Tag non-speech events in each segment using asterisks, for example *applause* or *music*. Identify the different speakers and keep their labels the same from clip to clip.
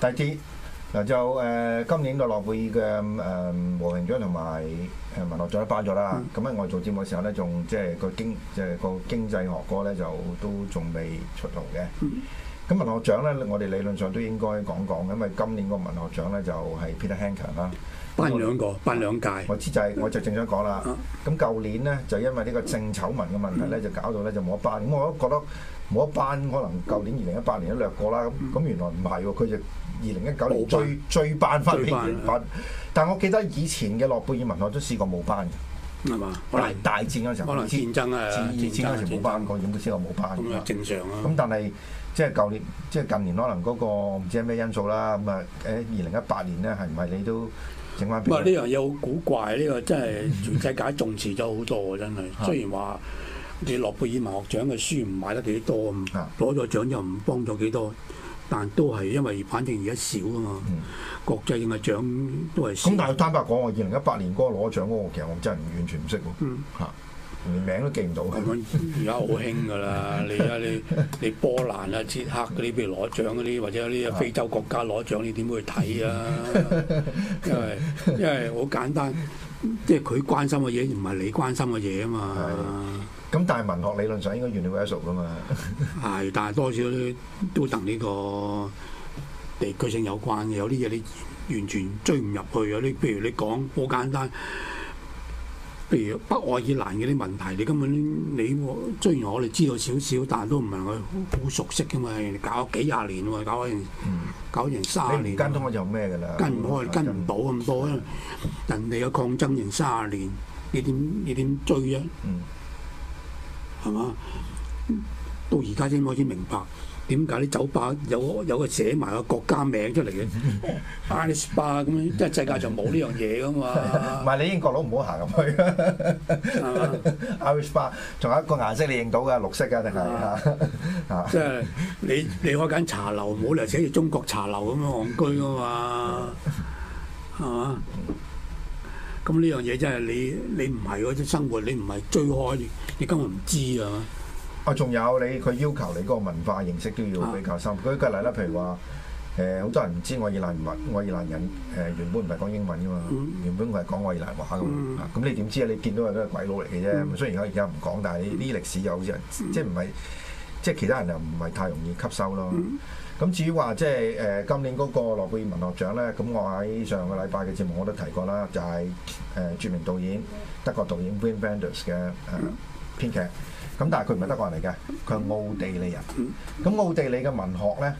Speaker 1: 第二嗱就誒今年個諾貝爾嘅誒和平獎同埋誒文學獎都頒咗啦，咁喺我做節目嘅時候咧，仲即係個經即係個經濟學科咧，就都仲未出爐嘅。咁文學獎咧，我哋理論上都應該講講，因為今年個文學獎咧就係 Peter Handke 啦，頒兩個，頒兩屆。我知就係我就正想講啦，咁舊年咧就因為呢個性醜聞嘅問題咧，就搞到咧就冇得頒，咁我都覺得。冇一班，可能舊年二零一八年都略過啦。咁咁原來唔係喎，佢就二零一九年最最班翻俾原班。但我記得以前嘅諾貝爾文學都試過冇班嘅，係嘛？可能大戰嗰時候，可能戰爭啊，戰爭嗰時冇班過，總之我冇班。咁正常啊。咁但係即係舊年，即係近年，可能嗰個唔知係咩因素啦。咁啊，誒二零一八年咧，係唔係你都整翻？邊呢樣嘢好古怪，呢個真係全世界重視咗好多啊！真係，雖然話。你諾貝爾文
Speaker 2: 學獎嘅書唔買得幾多咁，攞咗獎又唔幫咗幾多，但都係因為反正而家少啊嘛。國際嘅獎都係少咁，但係
Speaker 1: 坦白講，我二零一八年嗰個攞獎嗰個，其實我真係完全唔識喎。嚇、嗯，連名都記唔到。咁樣而家好
Speaker 2: 興㗎啦，你而家你你波蘭啊、捷克嗰啲，譬如攞獎嗰啲，或者啲非洲國家攞獎，你點會去睇啊？因為因為好簡單，即係佢關心嘅嘢唔係你關心嘅嘢啊嘛。咁但係文學理論上
Speaker 1: 應該原理會熟
Speaker 2: 㗎嘛？係， *laughs* 但係多少都都同呢個地區性有關嘅。有啲嘢你完全追唔入去，有啲譬如你講好簡單，譬如北愛爾蘭嘅啲問題，你根本你追完我，你，你我知道少少，但係都唔係我好熟悉嘅嘛。搞幾廿年喎，嗯、搞完搞完三十年，跟到我就咩㗎啦？跟唔開，嗯、跟唔到咁多，的因為人哋有抗爭完三十年，你點你點追啊？嗯嗯係嘛？到而家先開始明白點解啲酒吧有個有個寫埋個國
Speaker 1: 家名出嚟嘅 Irish bar 咁，即係、 *laughs* 啊、世界上冇呢樣嘢噶嘛。唔係 *laughs* 你英國佬唔好行入去，係嘛？Irish bar 仲有一個顏色你認到㗎，綠色㗎定係？即係你你開間茶樓，唔好嚟寫住中國
Speaker 2: 茶樓咁樣戇居㗎嘛，係嘛？咁呢樣嘢真係你你唔係嗰啲生活，你唔係追開，你根本唔知啊！
Speaker 1: 啊，仲有你佢要求你嗰個文化認識都要比較深。舉個例啦，譬如話，誒、呃、好多人唔知愛爾蘭文、愛爾蘭人誒、呃、原本唔係講英文噶嘛，嗯、原本佢係講愛爾蘭話噶嘛、咁、嗯啊、你點知啊？你見到係都係鬼佬嚟嘅啫。嗯、雖然而家唔講，但係呢啲歷史有好似即係唔係即係其他人又唔係太容易吸收咯。嗯嗯。咁至於話即係誒今年嗰個諾貝爾文學獎咧，咁我喺上個禮拜嘅節目我都提過啦，就係誒著名導演德國導演 Wim Wenders 嘅誒編劇，咁但係佢唔係德國人嚟嘅，佢係奧地利人。咁奧地利嘅文學咧，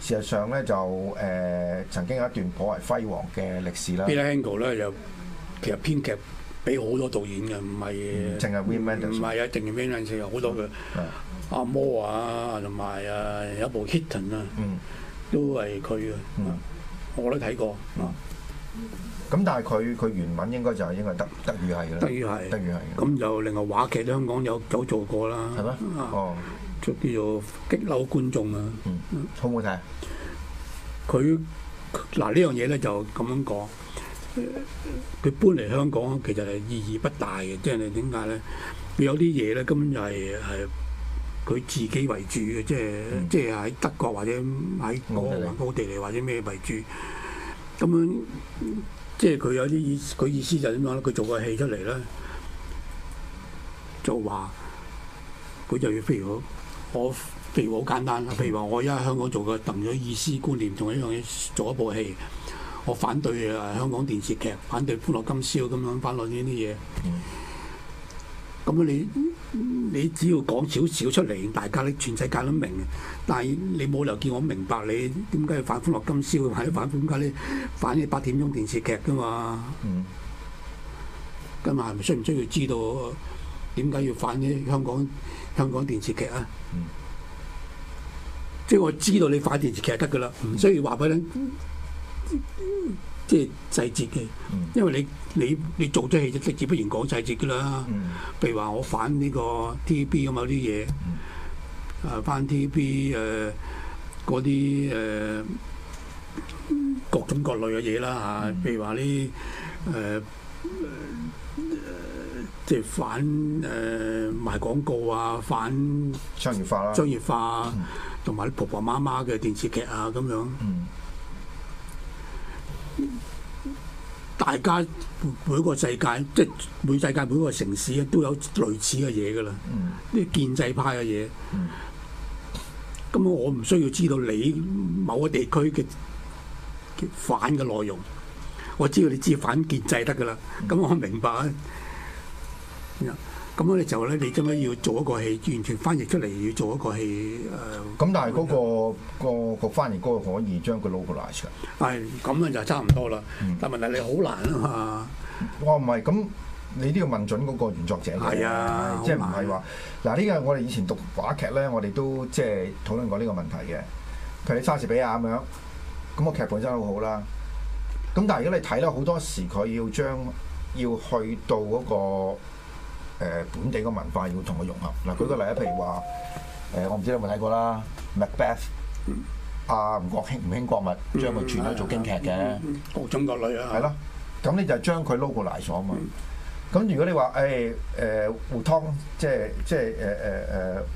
Speaker 1: 事實上咧就誒曾經有一段頗為輝煌嘅歷史啦。Peter
Speaker 2: Handke 咧就其實編劇俾好多導演嘅，唔係淨係 Wim Wenders，唔
Speaker 1: 係有 Wim Wenders 好多嘅。
Speaker 2: 阿摩啊，同埋啊有一部 Hiton 啊，都係佢嘅，
Speaker 1: 我都睇過。咁但係佢佢原文應該就係應該德德語係嘅。德語係，德語係。
Speaker 2: 咁就另外話劇咧，香港有有做過啦。係咩？哦，就叫做激嬲觀眾啊。好唔好睇？佢嗱呢樣嘢咧就咁樣講，佢搬嚟香港其實係意義不大嘅，即係你點解咧？佢有啲嘢咧根本就係係。佢自己為主嘅，即係即係喺德國或者喺高高地嚟，或者咩為主？咁樣即係佢有啲意，佢意思就點樣咧？佢做個戲出嚟咧，就話佢就要譬如我譬如好簡單啦，譬如話我依家香港做嘅，憑咗意思觀念，仲有一樣嘢做一部戲。我反對啊香港電視劇，反對歡樂今宵咁樣反論呢啲嘢。咁你你只要講少少出嚟，大家咧全世界都明。但係你冇理由叫我明白你點解要反歡樂今宵，係反歡家呢？反啲八點鐘電視劇噶嘛？嗯。今日係咪需唔需要知道點解要反啲香港香港電視劇啊？嗯。即係我知道你反電視劇得噶啦，唔需要話俾你。嗯即係細節嘅，因為你你你做咗戲，即係不如講細節嘅啦。譬、嗯、如話我反呢個 TVB 咁、嗯、啊啲嘢，啊反 TVB 誒嗰啲誒各種各類嘅嘢啦嚇，譬、嗯、如話啲誒誒即係反誒、呃、賣廣告啊，反商業化啦，商業化同埋啲婆婆媽媽嘅電視劇啊咁樣。嗯大家每每個世界，即係每世界每個城市都有類似嘅嘢㗎啦。啲建制派嘅嘢，咁我唔需要知道你某個地區嘅反嘅內容，我知道你知反建制得㗎啦。咁我明白。咁樣咧就咧，你做乜要做一個戲完全翻譯出嚟？要做一個戲誒。
Speaker 1: 咁、呃、但係嗰、那個、啊那個、那個、個翻譯嗰可以將佢 localise 嘅、哎。係，咁樣就差唔多啦。嗯、但問題你好難啊嘛。我唔係咁，你都要問準嗰個原作者嘅。係啊，即係唔係話嗱？呢難、啊啊呢個我哋以前讀話劇咧，我哋都即係討論過呢個問題嘅。譬如莎士比亞咁樣，咁、那個劇本真係好好啦。咁但係如果你睇咧，好多時佢要將要去到嗰、那個。嗯誒本地嘅文化要同佢融合嗱，舉個例、欸有有 eth, 嗯、啊，譬如話誒，我唔知你有冇睇過啦，《Macbeth》，阿吳國興吳興國物將佢轉咗做京劇嘅、嗯嗯嗯嗯嗯嗯，中國女啊，係咯，咁你就將佢撈過嚟咗啊嘛，咁、嗯、如果你話誒誒活湯，即係即係誒誒誒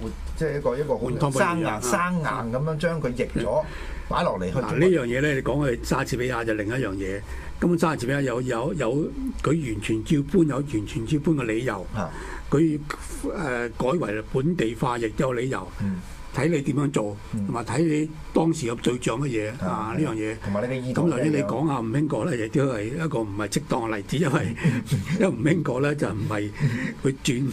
Speaker 1: 活，即係、呃、一個一個,一個湯生硬生硬咁樣將佢譯咗擺落嚟去。
Speaker 2: 呢樣嘢咧，你講佢莎士比亞就另一樣嘢。根本揸住咩？有有有，佢完全照搬，有完全照搬嘅理由。佢、誒、呃、改為本地化亦都有理由。嗯睇你點樣做，同埋睇你當時嘅對象乜嘢啊，呢樣嘢。同埋意咁頭先你講下吳興國咧，亦都係一個唔係適當嘅例子， *laughs* 因為因為吳興國咧就唔係佢轉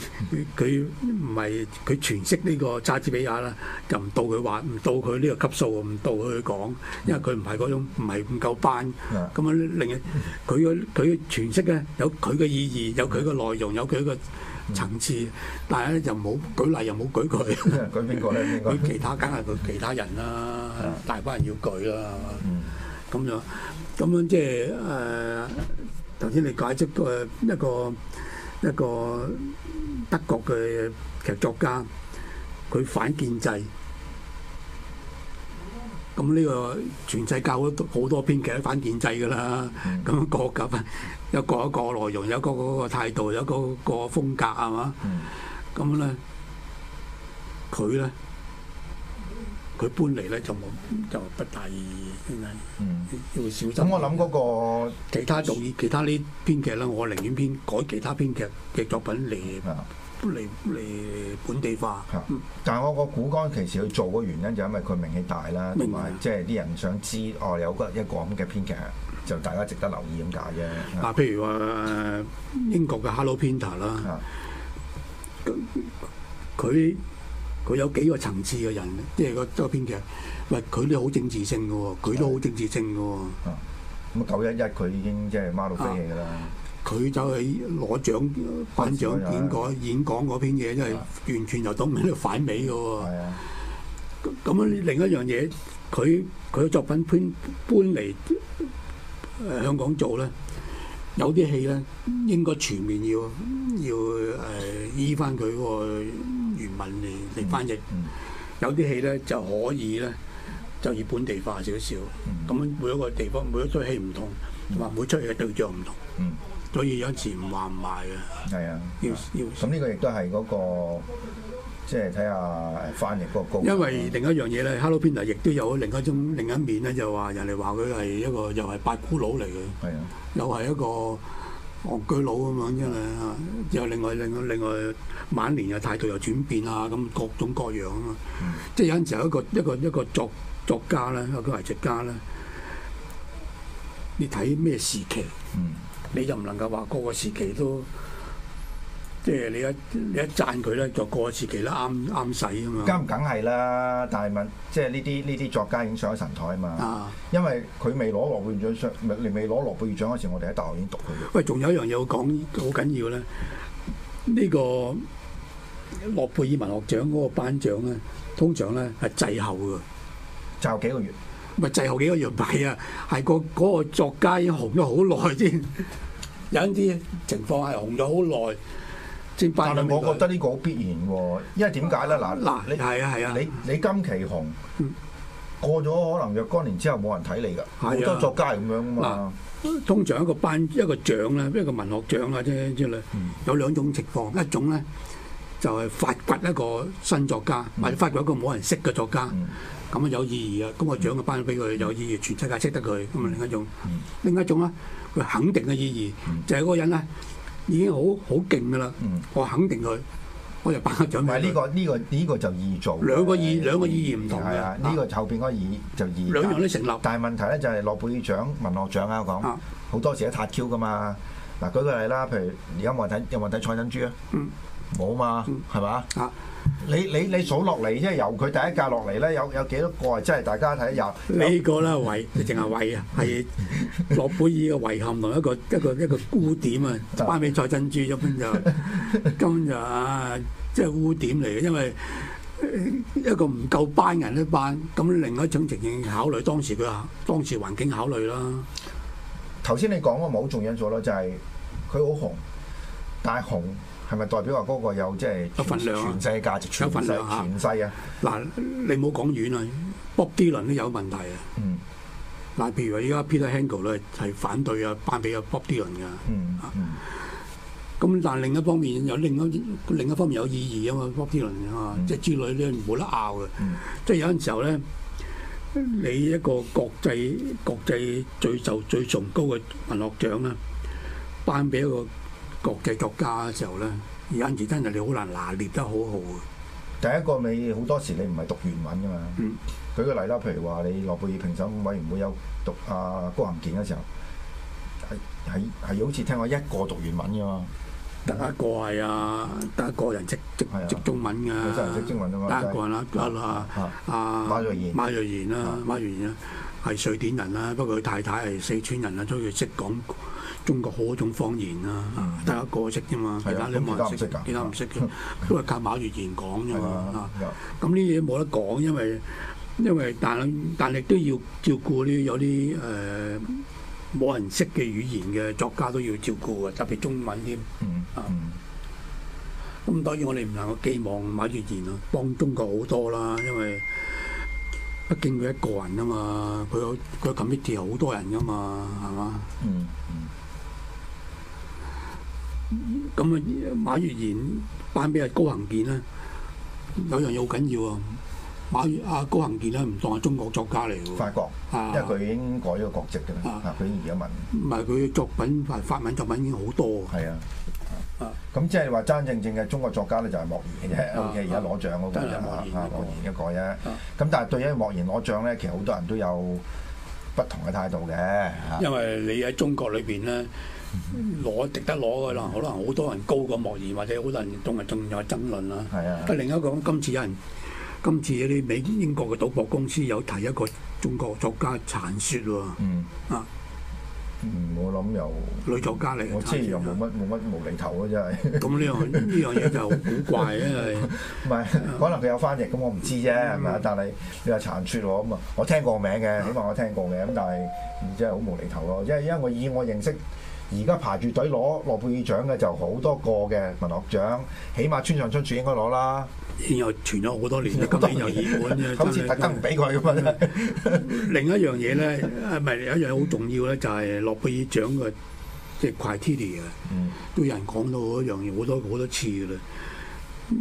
Speaker 2: 佢唔係佢詮釋呢個莎士比亞啦，就唔到佢話唔到佢呢個級數，唔到佢去講，因為佢唔係嗰種唔係唔夠班。咁樣令佢佢佢詮釋咧有佢嘅意義，有佢嘅內容，有佢嘅層次，但係咧就冇舉例又舉舉，又冇舉佢。舉邊個咧？舉 *music* 其他，梗係佢其他人啦、啊， *music* 大班人要舉啦、啊。咁 *music* 樣，咁樣即係誒頭先你解釋過一個一個,一個德國嘅劇,劇作家，佢反建制。咁呢個全世界好多好多編劇都反建制噶啦，咁、嗯、各級有各一個內容，有各嗰個態度，有個各個風格啊嘛。咁咧、嗯，佢咧，佢搬嚟咧就冇，就不大嗯，要小心、嗯。咁我諗嗰個其他做其他啲編劇咧，我寧願編改其他編劇嘅作品嚟嚟嚟本地化
Speaker 1: 嚇，嗯、但係我個古江其實佢做嘅原因就因為佢名氣大啦，同埋即係啲人想知哦有個一個咁嘅編劇，就大家值得留意咁解啫。
Speaker 2: 嗱、啊，譬如話、啊、英國嘅 Harold Pinter 啦、啊，佢佢有幾個層次嘅人，即、就、係、係嗰個周編劇，喂，佢都好政治性嘅喎，佢都好政治性嘅喎。咁九一一佢已經即係罵到飛起㗎啦。啊啊佢走去攞獎頒獎典禮演講嗰篇嘢，真係完全就當唔喺度個反尾嘅喎。咁樣、啊、另一樣嘢，佢佢作品搬搬嚟、呃、香港做咧，有啲戲咧應該全面要要誒依翻佢個原文嚟嚟翻譯。啊、有啲戲咧就可以咧就以本地化少少。咁、啊、每一個地方，每一齣戲唔同，同埋、啊、每齣戲嘅對象唔同。嗯。所以有時
Speaker 1: 唔話唔賣嘅，係啊，要要咁呢個亦都係嗰個，即係睇下翻譯個高。因為
Speaker 2: 另一樣嘢咧，Harold Pinter 亦都有另一種另一面咧，就話人哋話佢係一個又係八股佬嚟嘅，係啊，又係一個戇居佬咁樣因嘛。又另外另外另外晚年又態度又轉變啊，咁各種各樣啊嘛。嗯、即係有陣時候一個一個一個，一個作作家咧，一個藝術家咧，你睇咩時期？嗯。你就唔能夠話個個時期都即係你一你一讚佢咧，就個個時期都啱啱使啊嘛！
Speaker 1: 咁梗係啦，但係問即係呢啲呢啲作家已經上咗神台啊嘛！啊，因為佢未攞諾貝爾獎相，未未攞諾貝爾獎嗰時，我哋喺大學已經讀佢。
Speaker 2: 喂，仲有一樣嘢要講好緊要咧，呢、呢個諾貝爾文學獎嗰個頒獎咧，通常咧係滯後嘅，滯後幾個月。咪滯後幾個月咪啊？係、個嗰、個作家已經紅咗好耐先。 *laughs* 有啲情
Speaker 1: 況係紅咗好耐先。但係我覺得呢個必然喎，因為點解咧？嗱，嗱，係啊，係你啊，啊你你今期紅、嗯、過咗，可能若干年之後冇人睇你㗎，好、啊、多作家
Speaker 2: 係咁樣㗎嘛，啊。通常一個班一個獎咧，一個文學獎啊，啫之類。有兩種情況，一種咧就係、是、發掘一個新作家，嗯、或者發掘一個冇人識嘅作家。嗯嗯咁啊有意義啊！咁我頒個獎俾佢有意義，全世界識得佢。咁啊另一種，另一種啊，佢肯定嘅意義就係嗰個人咧已經好好勁噶啦，我肯定佢，我就頒個獎俾佢。唔係呢個呢個呢個
Speaker 1: 就易做，兩個意兩個意義唔同嘅。呢個後邊嗰個意就易。兩樣都成立，但係問題咧就係諾貝爾獎、文學獎啊，我講好多時都撻 Q 噶嘛。嗱，舉個例啦，譬如而家有冇睇有冇睇《蔡恩珠》啊？嗯，冇嘛，係嘛？啊。你你你數落嚟，即係由佢第一架落嚟咧，有有幾多個啊？即係大家睇下個呢
Speaker 2: 個啦，韋， *laughs* 你淨係韋啊，係諾貝爾嘅遺憾同一個一個一個污點啊！頒畀賽珍珠根本就根本就即係污點嚟嘅，因為一個唔夠班人一班，咁另外一種情況考慮當時佢啊，當時環境考慮啦。
Speaker 1: 頭先你講嗰個冇重要咗咯，就係佢好紅，但係紅。係咪代表話嗰個有即係份量全世啊？有份量全
Speaker 2: 世啊！嗱，你唔好講遠啊，Bob Dylan 都有問題啊。嗱，譬如話依家 Peter Handke 咧係反對啊，頒俾啊 Bob Dylan 噶。咁但另一方面有另一另一方面有意義啊嘛，Bob Dylan 啊，即係、嗯、之類咧冇得拗嘅。嗯、即係有陣時候咧，你一個國際國際最就最崇高嘅文學獎啊，頒俾一個。國際國家嘅時候咧，有陣時真係你好難拿捏得好好啊。
Speaker 1: 第一個你好多時你唔係讀原文噶嘛。嗯。舉個例啦，譬如話你諾貝爾評審委員會有讀阿高行健嘅時候，係係係好似聽過一個讀原文噶嘛。第一個係啊，
Speaker 2: 得一個人識識識中文㗎。得、啊、一個啦，得啊，阿馬瑞賢馬瑞賢啊，馬瑞賢係瑞典人啊。不過佢太太係四川人啊，中意識講。中國好多種方言啊，大家各個識啫嘛，嗯、其他你冇人識，其他唔識嘅，啊、都係、啊、靠馬悅然講啫嘛嚇。咁啲嘢冇得講，因為因為但但亦都要照顧啲有啲誒冇人識嘅語言嘅作家都要照顧啊，特別中文添、啊、咁、嗯嗯啊、當然我哋唔能夠寄望馬悅然啊，幫中國好多啦，因為畢竟佢一個人啊嘛，佢佢 committee 有好多人噶嘛，係嘛？嗯咁啊，馬悅然頒俾阿高行健啦。有樣嘢好緊要啊，馬悅阿高行健咧唔當係中國作家嚟喎。法國，因為佢
Speaker 1: 已經改咗個國籍嘅啦。佢而家問
Speaker 2: 唔係佢作品法
Speaker 1: 文作品已經好多。係啊。咁即係話真真正正嘅中國作家咧，就係莫言嘅啫。O K，而家攞獎嗰個莫言一個啫。咁但係對於莫言攞獎咧，其實好多人都有不同嘅態度嘅。
Speaker 2: 因為你喺中國裏邊咧。攞，值得攞嘅咯，可能好多人高過莫言，或者好多人仲係仲有爭論啦。係啊。但另一個，今次有人，今次啲美英國嘅賭博公司有提一個中國作家殘雪
Speaker 1: 喎。嗯。啊。我諗又。女作家嚟。我知又冇乜冇乜無厘頭嘅真係。咁呢樣呢 *laughs* 樣嘢就好古怪嘅係。唔係 *laughs* 因為，可能佢有翻譯，咁我唔知啫，係咪、嗯、但係你話殘雪喎咁啊，我聽過名嘅，起碼我聽過名咁，但係真係好無厘頭咯。因為因為我以我認識。而家排住隊攞諾貝爾獎嘅就好多個嘅文學獎，起碼村上春樹應該攞啦。又傳咗好多年，今年又攰。好似特登唔俾佢咁，另一樣嘢咧，
Speaker 2: 唔係 *laughs* 另一樣好重要咧，就係諾貝爾獎嘅即係 quality 嘅。嗯，都有人講到好多樣嘢，好多好多次嘅啦。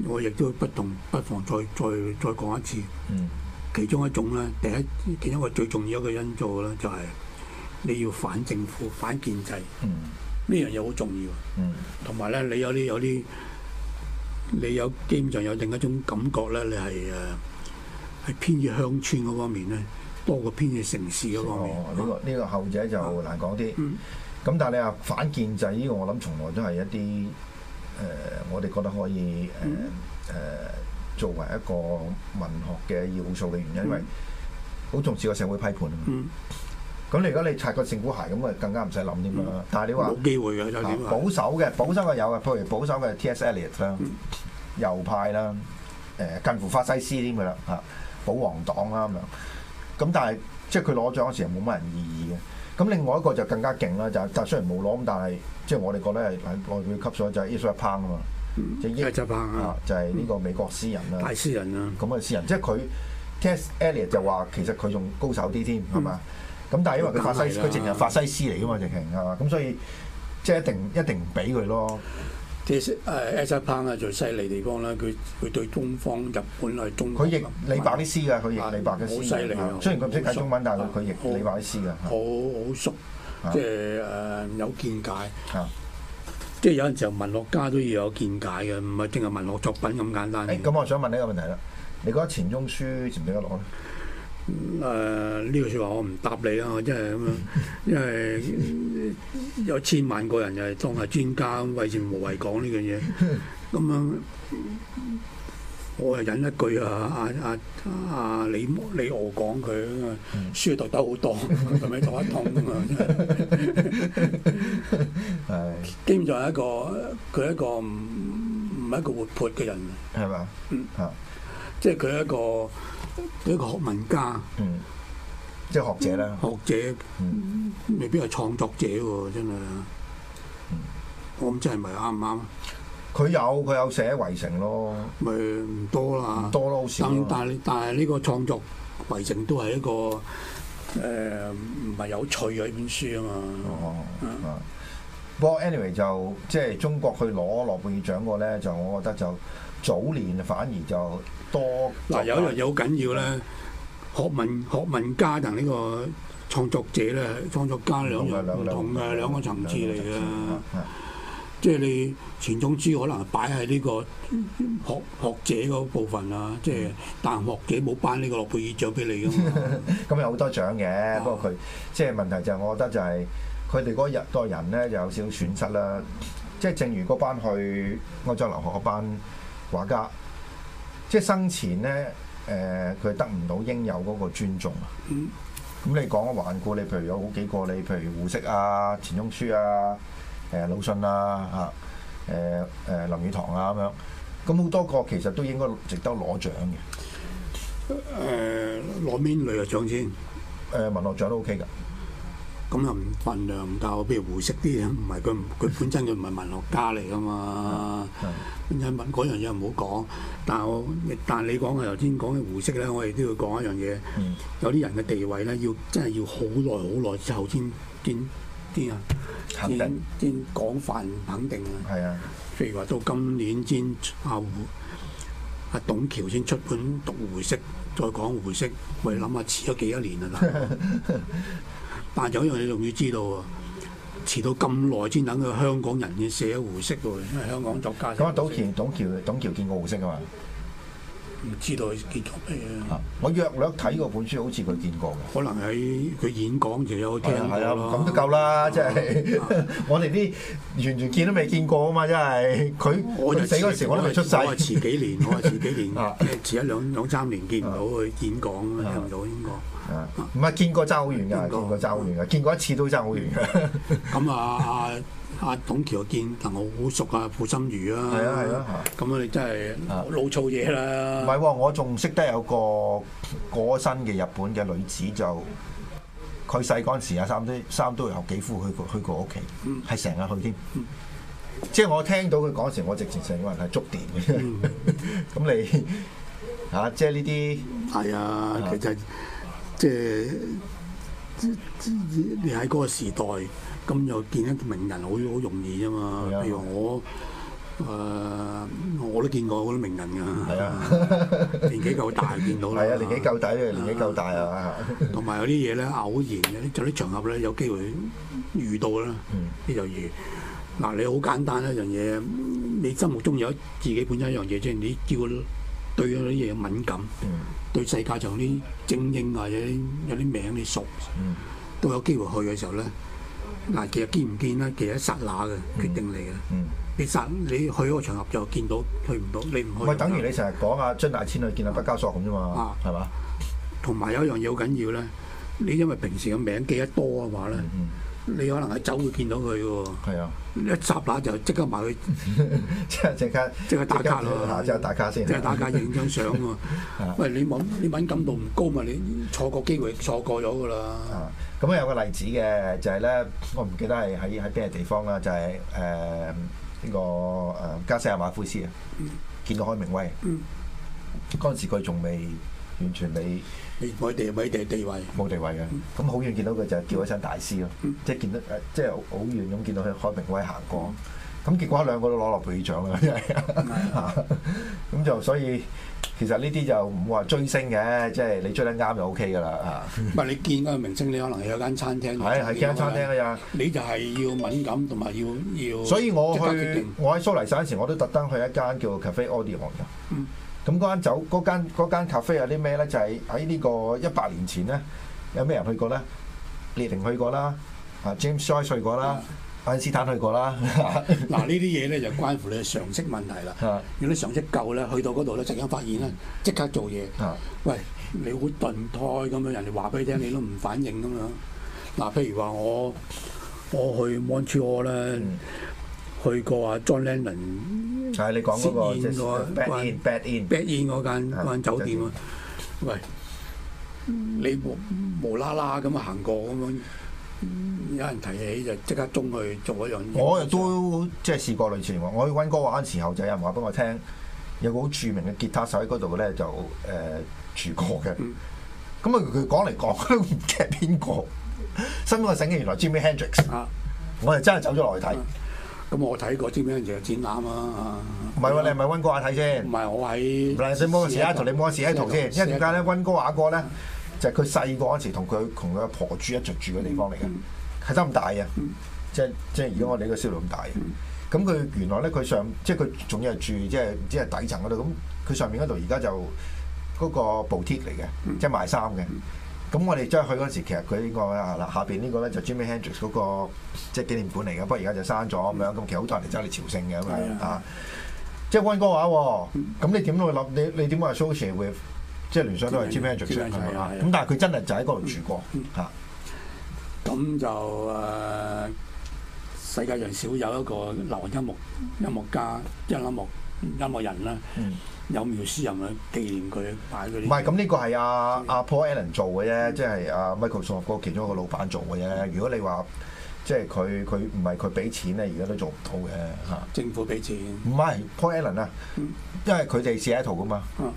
Speaker 2: 我亦都不同，不妨再再再講一次。嗯、其中一種咧，第一，其中一個最重要一個因素啦，就係、是。你要反政府、反建制，呢、嗯、樣嘢好重要。同埋咧，你有啲有啲，你有基本上有另一種感覺咧，你
Speaker 1: 係誒係偏於鄉村嗰方面咧，多過偏於城市嗰方面。呢、哦呢個呢、呢個後者就難講啲。咁、啊嗯、但係你話反建制呢個，我諗從來都係一啲誒、呃，我哋覺得可以誒誒、呃呃，作為一個文學嘅要素嘅原因，嗯、因為好重視個社會批判啊嘛。嗯嗯咁如果你拆個政府鞋，咁啊更加唔使諗添啦。但係你話冇
Speaker 2: 機會保
Speaker 1: 守嘅保守嘅有啊，譬如保守嘅 T.S. Eliot 啦，右派啦，誒近乎法西斯添㗎啦，嚇保皇黨啦咁樣。咁但係即係佢攞獎嗰時冇乜人異議嘅。咁另外一個就更加勁啦，就就是、雖然冇攞咁，但係即係我哋覺得係我外匯級數就係 Ezra Pound 啊嘛，就係就係呢個美國詩人啦、嗯，大詩人、啊、詩人啦。咁啊詩人即係佢 T.S. Eliot 就話其實佢仲高手啲添係嘛？嗯咁但係因為佢法西，佢成日法西斯嚟噶嘛，直情係嘛，咁、啊、所以即係一定一定唔俾佢
Speaker 2: 咯。即誒 Ezra Pound 啊最犀利地方啦，佢佢對東方日本
Speaker 1: 係中，佢譯李白啲詩㗎，佢譯李白嘅詩嚟嘅。啊、雖然佢唔識睇中文，但係佢佢譯李白啲詩㗎。好好熟，即係誒、呃、有見解。啊、即
Speaker 2: 係有陣時文學家都要有見解嘅，唔係淨係文學作品咁簡單。咁、
Speaker 1: 哎，我想問呢個問題啦，你覺得錢鍾書值唔值得攞咧？
Speaker 2: 誒呢、個、句説話我唔答你啊！我真係咁樣， *laughs* 因為有千萬個人又係當係專家，為善無謂講呢樣嘢，咁樣、 *laughs* 嗯、我係忍一句啊！阿阿阿李李敖講佢啊嘛，書讀得好多，佢同你讀一通啊嘛，係。基本上係一個佢一個唔唔係一個活潑嘅人，係嘛？嗯、即係佢一個。一個學問家，嗯，
Speaker 1: 即係學者啦，學
Speaker 2: 者，嗯，未必係創作者喎，真係，嗯，我咁即係咪啱唔啱？
Speaker 1: 佢有佢有寫圍城咯，咪唔，嗯，多啦，多咯，少，但
Speaker 2: 係但係呢個創作圍城都係一個誒
Speaker 1: 唔係有趣嘅一本書啊嘛。哦，啊、不過 anyway 就，就即係中國去攞諾貝爾獎個咧，就我覺得就早年反而就。嗱，
Speaker 2: 有一樣好緊要咧，學問學問家同呢個創作者咧，創作家兩樣唔同嘅兩個層次嚟嘅。即係你錢鍾書可能擺喺呢個學學者嗰部分啊，即係但學者冇攞呢個諾貝爾獎俾你
Speaker 1: 嘅嘛。咁有好多獎嘅，不過佢即係問題就係，我覺得就係佢哋嗰一代人咧就有少少損失啦。即係正如嗰班去歐洲留學嗰班畫家。即係生前咧，誒、呃、佢得唔到應有嗰個尊重啊！咁、嗯、你講個頑固，你譬如有好幾個你，你譬如胡適啊、錢鍾書啊、誒、呃、魯迅啊嚇、誒、呃、誒林語堂啊咁樣，咁好多個其實都應該值得攞獎嘅。誒攞面類嘅、啊、獎先？誒、呃、文學獎都 OK 㗎。
Speaker 2: 咁又唔份量唔夠，譬如胡適啲嘢唔係佢，佢本身佢唔係文學家嚟噶嘛？因為文嗰樣嘢唔好講，但係我，但係你講嘅，頭先講嘅胡適咧，我哋都要講一樣嘢。有啲人嘅地位咧，要真係要好耐好耐之後先，先啲啊，肯定先廣泛肯定啊。係啊，譬如話到今年先阿胡阿董橋先出本讀胡適，再講胡適，喂諗下遲咗幾多年啊！ *laughs* 但有一樣嘢仲要知道啊，遲到咁耐先等佢香港人嘅社胡式喎，因為香港作家會會會。咁啊、嗯，董橋，
Speaker 1: 董橋，董橋見過胡適啊嘛？唔知道佢結局咩啊？我略略睇過本書，好似佢見過 *noise*
Speaker 2: 可能喺佢演講就有聽過。係、哎、啊，咁都夠
Speaker 1: 啦，即係我哋啲完全見都未見過啊嘛，真係佢死嗰時我都未出
Speaker 2: 世。我係遲幾年，我係遲幾年，遲一兩兩三年見唔到佢演講，聽唔到演講。
Speaker 1: 唔係見過爭好遠㗎，見過爭好遠㗎，見過一次都爭好遠㗎。咁啊啊啊董橋又見，同我
Speaker 2: 好熟啊，傅心如啊，係啊係啊。咁你真係老粗嘢啦。唔係
Speaker 1: 喎，我仲識得有個過身嘅日本嘅女子，就佢細嗰陣時啊，三島三島由紀夫去過去過屋企，係成日去添。即係我聽到佢講時，我直情成個人係觸電㗎。咁你
Speaker 2: 啊，即係呢啲係啊，其實。即係，即即你喺嗰個時代，咁又見一名人好好容易啫嘛。譬如我，誒、啊呃，我都見過好多名人㗎。係啊年，年紀夠大見到啦。係啊，年紀
Speaker 1: 夠大咧，年紀夠大係嘛。
Speaker 2: 同埋有啲嘢咧，偶然嘅，有啲場合咧，有機會遇到啦。呢你就遇，嗱你好簡單一樣嘢，你心目中有自己本身一樣嘢，即係你叫。對嗰啲嘢敏感，嗯、對世界上嗰啲精英或者有啲名你熟，嗯、都有機會去嘅時候咧，嗱其實見唔見咧，其實一剎那嘅決定嚟嘅。其實、嗯嗯、你，你去嗰個場合就見到，去唔到你唔去。咪等於你
Speaker 1: 成日講阿張大千去見阿畢加索咁啫嘛，係嘛？
Speaker 2: 同埋有一樣嘢好緊要咧，你因為平時嘅名記得多嘅話咧。嗯嗯你可能喺酒會見到佢嘅喎，啊、一剎那就即刻埋去，即係即刻，即係打卡咯，即係打卡先，即係打卡影張相喎。 *laughs* 喂，
Speaker 1: 你敏你敏感度唔高嘛？你錯過機會過，錯過咗嘅啦。咁啊，有個例子嘅，就係、是、咧，我唔記得係喺喺邊個地方啦，就係誒呢個誒加西亞馬夫斯啊，見到海明威，嗰陣、嗯、時佢仲未完全未。冇地冇地地位，冇地位嘅。咁好、嗯嗯、遠見到佢就叫一聲大師咯，即係見到，即係好遠咁見到佢海明威行過。咁結果兩個都攞諾貝爾獎啦，咁 *laughs* 就、嗯 *laughs* 嗯、所以其實呢啲就唔好話追星嘅，即係你追得啱就 O K 嘅啦。嚇、嗯，唔係你見嗰個明星，你可能有間
Speaker 2: 餐廳。係係間餐廳㗎咋？你就係要敏感同埋、嗯、要要。所以我去
Speaker 1: 我喺蘇黎世嗰時，我都特登去一間叫 Cafe Audio 嘅。嗯咁嗰、嗯、間酒嗰間 cafe 有啲咩咧？就係喺呢個一百年前咧，有咩人去過咧？列寧去過啦，啊 James Joyce 去過啦，愛因、啊、斯坦去過啦。嗱、啊、 *laughs* 呢啲
Speaker 2: 嘢咧就關乎你嘅常識問題啦。啊、如果你常識夠咧，去到嗰度咧，突然間發現咧，即刻做嘢。啊、喂，你好頓胎咁樣，人哋話俾你聽，你都唔反應咁樣。嗱、啊，譬如話我我去 Monte c a r、嗯去過啊，John Lennon 係你講嗰個即係
Speaker 1: bad in bad in
Speaker 2: 嗰間嗰間酒店啊。喂，你無無啦啦咁行過咁樣，有人提起就即刻鍾去做一樣嘢。我又
Speaker 1: 都即係試過類似嚟喎。我去溫哥華嗰陣時候就有人話俾我聽，有個好著名嘅吉他手喺嗰度咧，就誒住過嘅。咁啊，佢講嚟講都唔記得邊個，伸咗個醒，原來 Jimmy Hendrix。我係真係走咗落去睇。咁我睇過啲咩嘢展覽啊？唔係喎，你係咪温哥華睇先？唔係我喺……唔係你冇嘅時同你冇嘅時刻同先，因為點解咧，温哥華嗰咧就係佢細個嗰時同佢同佢阿婆住一齊住嘅地方嚟嘅，係得咁大嘅，即係即係而家我哋呢個銷路咁大嘅。咁佢原來咧，佢上即係佢仲要係住即係唔知係底層嗰度，咁佢上面嗰度而家就嗰個 boutique 嚟嘅，即係賣衫嘅。咁我哋真係去嗰時，其實佢呢個啊嗱，下邊呢個咧就 Jimi Hendrix 嗰個即紀念館嚟嘅，不過而家就刪咗咁樣。咁、嗯、其實好多人嚟走嚟朝聖嘅咁樣啊，即温哥華喎。咁、嗯、你點去諗？你你點話 associate 會即聯想都係 Jimi Hendrix 咁？啊嗯、但係佢真係就喺嗰度住過嚇。
Speaker 2: 咁、嗯嗯、就誒、啊，世界上少有一個流行音樂音樂家、音樂音樂人啦。有冇私人去紀念佢，
Speaker 1: 擺嗰啲。唔、這、係、個啊，咁呢個係阿阿 Paul Allen 做嘅啫，嗯、即係阿 Microsoft 其中一個老闆做嘅啫。如果你話即係佢佢唔係佢俾錢咧，而家都做唔到嘅嚇。政府俾錢。唔係 Paul Allen 啊、嗯，因為佢哋試下圖噶嘛。嗯。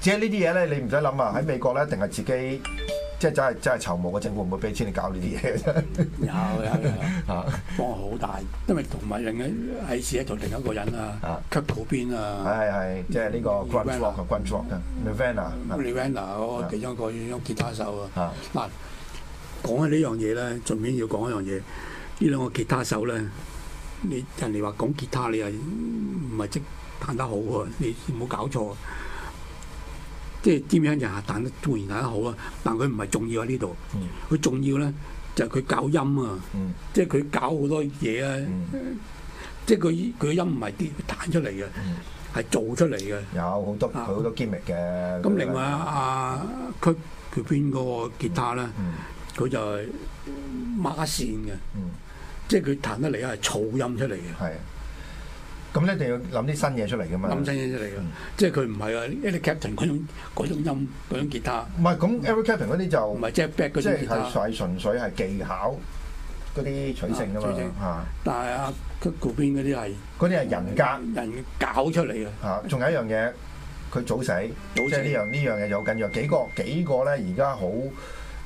Speaker 1: 即係呢啲嘢咧，你唔使諗啊！喺美國咧，一定係自己。即係真係真係籌募嘅政府會，唔會俾錢你搞呢啲嘢。有有啊，
Speaker 2: *laughs* 幫好大，因為同埋另一，喺試喺做另一個人啊，c
Speaker 1: 吉普邊啊，係係，
Speaker 2: 即係呢個 Guns r o 其中一個用是吉他手啊。嗱、啊，講緊呢樣嘢咧，順便要講一樣嘢，呢兩個吉他手咧，你人哋話講吉他，你係唔係即彈得好喎？你唔好搞錯。即係點樣就彈得固然彈得好啊，但佢唔係重要喺呢度。佢、嗯、重要咧就係佢搞音啊，嗯、即係佢搞好多嘢啊，即係佢佢音唔係啲彈出嚟嘅，係做出嚟嘅。
Speaker 1: 有好多佢好多 gimmick 嘅。咁另外、
Speaker 2: 嗯、啊，佢佢編嗰個吉他咧，佢、嗯、就係孖線嘅，嗯、即係佢彈得嚟係噪音出嚟嘅。係的。 *noise* 咁一定要諗啲新嘢出嚟嘅嘛，諗新嘢出嚟嘅，即係佢唔係啊，Eric Clapton 嗰種
Speaker 1: 嗰種音嗰種吉他，
Speaker 2: 唔係咁 Eric
Speaker 1: Clapton 嗰啲就
Speaker 2: 唔係即係 Beck 嗰啲吉他，即係係純
Speaker 1: 粹係技巧嗰啲取勝㗎嘛嚇。啊啊、但係阿嗰邊嗰啲係嗰啲係人格、啊、人搞出嚟嘅，嚇、啊。仲有一樣嘢，佢早死，早清即係呢樣呢樣嘢就好緊要。幾個幾個咧而家好。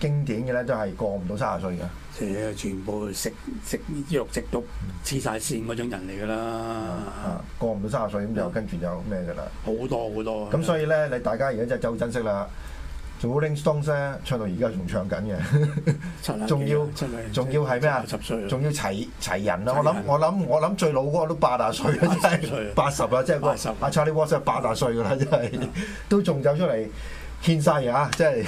Speaker 1: 經典嘅咧都係過唔到三十歲嘅，全部食
Speaker 2: 食藥食到黐晒線嗰種人嚟㗎啦，
Speaker 1: 過唔到三十歲咁就跟住就咩㗎啦，好
Speaker 2: 多好多。咁所以
Speaker 1: 咧，你大家而家真係走珍惜啦。Rolling Stones 唱到而家仲唱緊嘅，仲要仲要係咩啊？仲要齊齊人啦！我諗我諗我諗最老嗰個都八十歲，八十啊！即係阿 Charlie Watts 八十歲㗎啦，真係都仲走出嚟。偏西啊！即係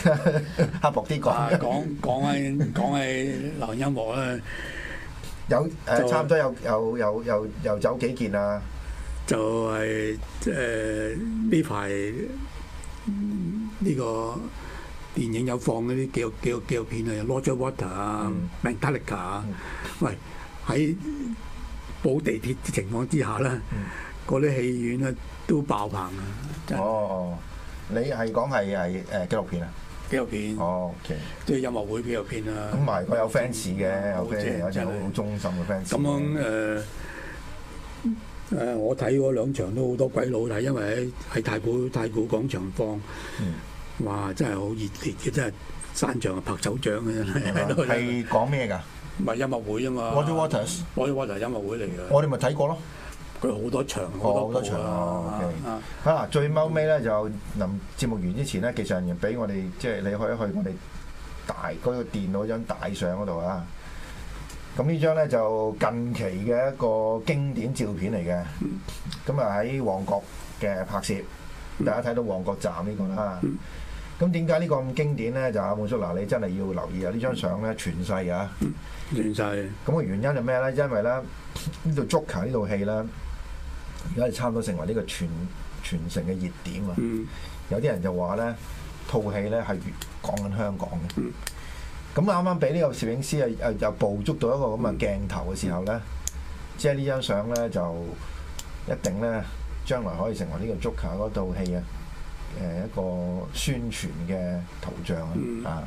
Speaker 1: 刻薄啲講，講講起講起流行音樂咧，有誒差唔多有有有有有走幾件啊！
Speaker 2: 就係即係呢排呢個電影有放嗰啲紀錄紀錄紀錄片啊，有《Roger Waters》啊，《Metallica》啊，喂喺冇地鐵嘅情況之下咧，嗰啲戲院咧都爆棚
Speaker 1: 啊！哦。你係講係係誒紀錄片啊？紀錄片。哦 OK。即係音樂會紀錄片啊。咁唔係，我有 fans 嘅，OK，有隻好忠心嘅 fans。咁樣
Speaker 2: 誒誒，我睇嗰兩場都好多鬼佬，係因為喺太古太古廣場放。嗯。哇！真係好熱烈嘅，真係山場啊，拍手掌嘅真係。係講咩㗎？唔係是音樂會啊嘛。Waters，Waters 音樂會嚟㗎。嗯。我哋咪睇過咯。
Speaker 1: 佢好多場多，好多場啊！啊、okay. 嗱，最踎尾咧就臨節目完之前咧，技術人員俾我哋，即係你可以去我哋大嗰、嗰個電腦大張大相嗰度啊！咁呢張咧就近期嘅一個經典照片嚟嘅，咁啊喺旺角嘅拍攝，大家睇到旺角站呢個啦。咁點解呢個咁經典咧？就阿滿叔，嗱，你真係要留意啊！呢張相咧傳世啊，傳世。咁嘅原因係咩咧？因為咧呢度 Joker 呢套戲咧。而家係差唔多成為呢個全全城嘅熱點啊！嗯、有啲人就話呢套戲咧係講緊香港嘅。咁啱啱俾呢個攝影師啊又捕捉到一個咁嘅鏡頭嘅時候呢，嗯、即係呢張相呢，就一定呢將來可以成為呢個 Joker 嗰套戲啊誒一個宣傳嘅圖像啊、嗯嗯、啊！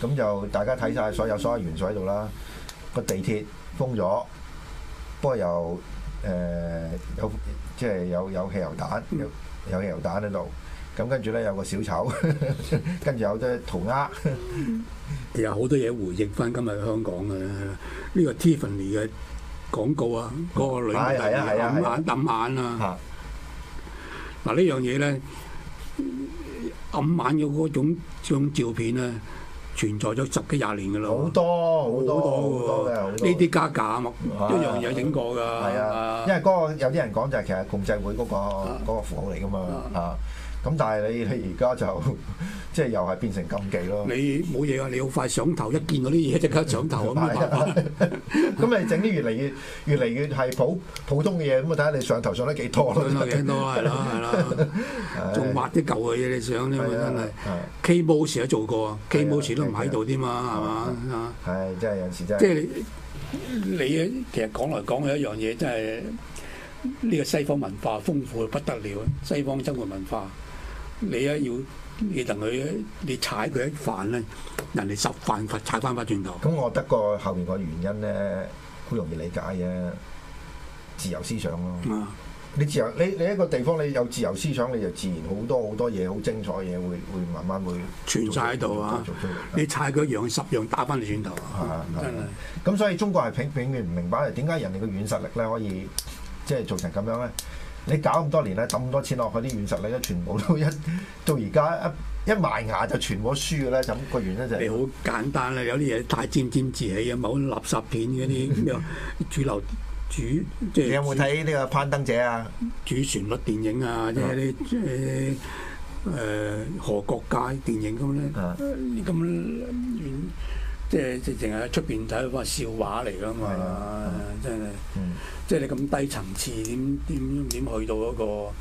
Speaker 1: 咁、嗯嗯、就大家睇晒所有，有所有元素喺度啦。個地鐵封咗，不過又～誒、呃、有即係有有汽油彈，有，有汽油彈喺度。咁跟住咧有個小丑， *laughs* 跟住有啲塗鴉 *laughs* 其實有好多嘢
Speaker 2: 回應翻今日香港嘅呢、這個 Tiffany 嘅廣告啊，嗰、那個女嘅暗暗揼眼啊。嗱呢樣嘢咧，暗晚嘅嗰種張照片咧。存在咗十幾廿年嘅啦，好
Speaker 1: 多好多好多好多呢
Speaker 2: 啲加減一樣有整過㗎，因為
Speaker 1: 嗰個有啲人講，就係其實共濟會嗰、個嗰、啊、個符號嚟噶嘛嚇。啊啊咁但係你你而家就即係又係變成禁忌咯？你冇嘢啊！你好快上頭，一見到啲嘢即刻上頭咁樣，咁你整啲越嚟越越嚟越係普普通嘅嘢，咁啊睇下你上頭上得幾多咯？幾多係咯係咯，仲挖啲舊
Speaker 2: 嘅嘢嚟上咧，真係。K 波有時都做過，K 波有時都唔喺度添嘛，係嘛？係真係有時真。即係你啊！其實講來講去一樣嘢，真係呢個西方文化豐富得不得了。西方生活文化。你啊要你同佢，你踩佢一犯咧，人哋十犯反踩翻返
Speaker 1: 轉頭。咁我覺得個後面個原因咧，好容易理解嘅，自由思想咯。你自由，你你一個地方你有自由思想，你就自然好多好多嘢好精彩嘢會會慢慢會
Speaker 2: 存曬喺度啊！你
Speaker 1: 踩佢一樣，十樣打翻你轉頭。係係、啊。咁、啊、所以中國係永永遠唔明白係點解人哋個軟實力咧可以即係造成咁樣咧？你搞咁多年咧，抌咁多錢落去啲現實都全部都一到而家一一埋牙就全部輸嘅咧，就咁個原因就係、是。你好
Speaker 2: 簡單咧，有啲嘢太沾沾自喜啊，某垃圾片嗰啲 *laughs* 主流主即係。你有冇睇呢個攀登者啊？主旋律電影啊，或者啲即係誒何國家電影咁咧？呢咁遠。即係直情係，淨係喺出邊睇嗰笑話嚟㗎嘛， *noise* 真係，嗯、即係你咁低層次點點點去到嗰個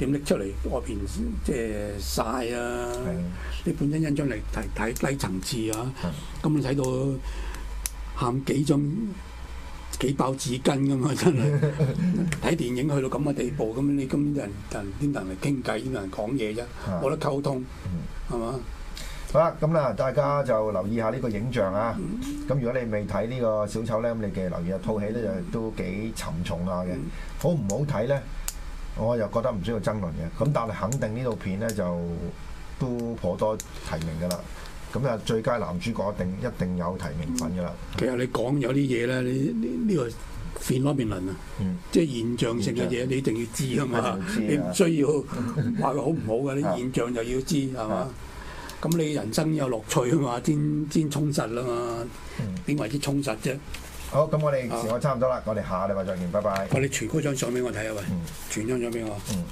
Speaker 2: 點拎出嚟外邊，即係晒啊！ *noise* *noise* 你本身印象嚟睇睇低層次啊，咁你睇到喊幾張幾包紙巾咁嘛，真係睇電影去到咁嘅地步，咁 *noise* *noise* *noise* 你咁人人點同人哋傾偈，點同人講嘢啫？冇得溝
Speaker 1: 通，係嘛？ *noise* *noise* *noise* 好啦，咁啦，大家就留意下呢個影像啊。咁、嗯、如果你未睇呢個小丑咧，咁你嘅留意下套戲咧，就都幾沉重啊。嘅。好唔好睇咧？我又覺得唔需要爭論嘅。咁但係肯定呢套片咧就都頗多提名㗎啦。咁啊，最佳男主角一定一定有提名份㗎啦。嗯、
Speaker 2: 其實你講有啲嘢咧，呢呢呢個辯辯論啊，嗯、即係現象性嘅嘢，你一定要知㗎嘛。一定一定啊、你唔需要話佢好唔好㗎？你現象就要知係嘛？嗯嗯嗯咁你人生有樂趣啊嘛，先先充實啊嘛，
Speaker 1: 點為之充實啫、嗯？好，咁我哋時間差、啊、我差唔多啦，我哋下個禮拜再見，拜拜。我哋傳嗰張相俾我睇下，喂、嗯，傳張相俾我。嗯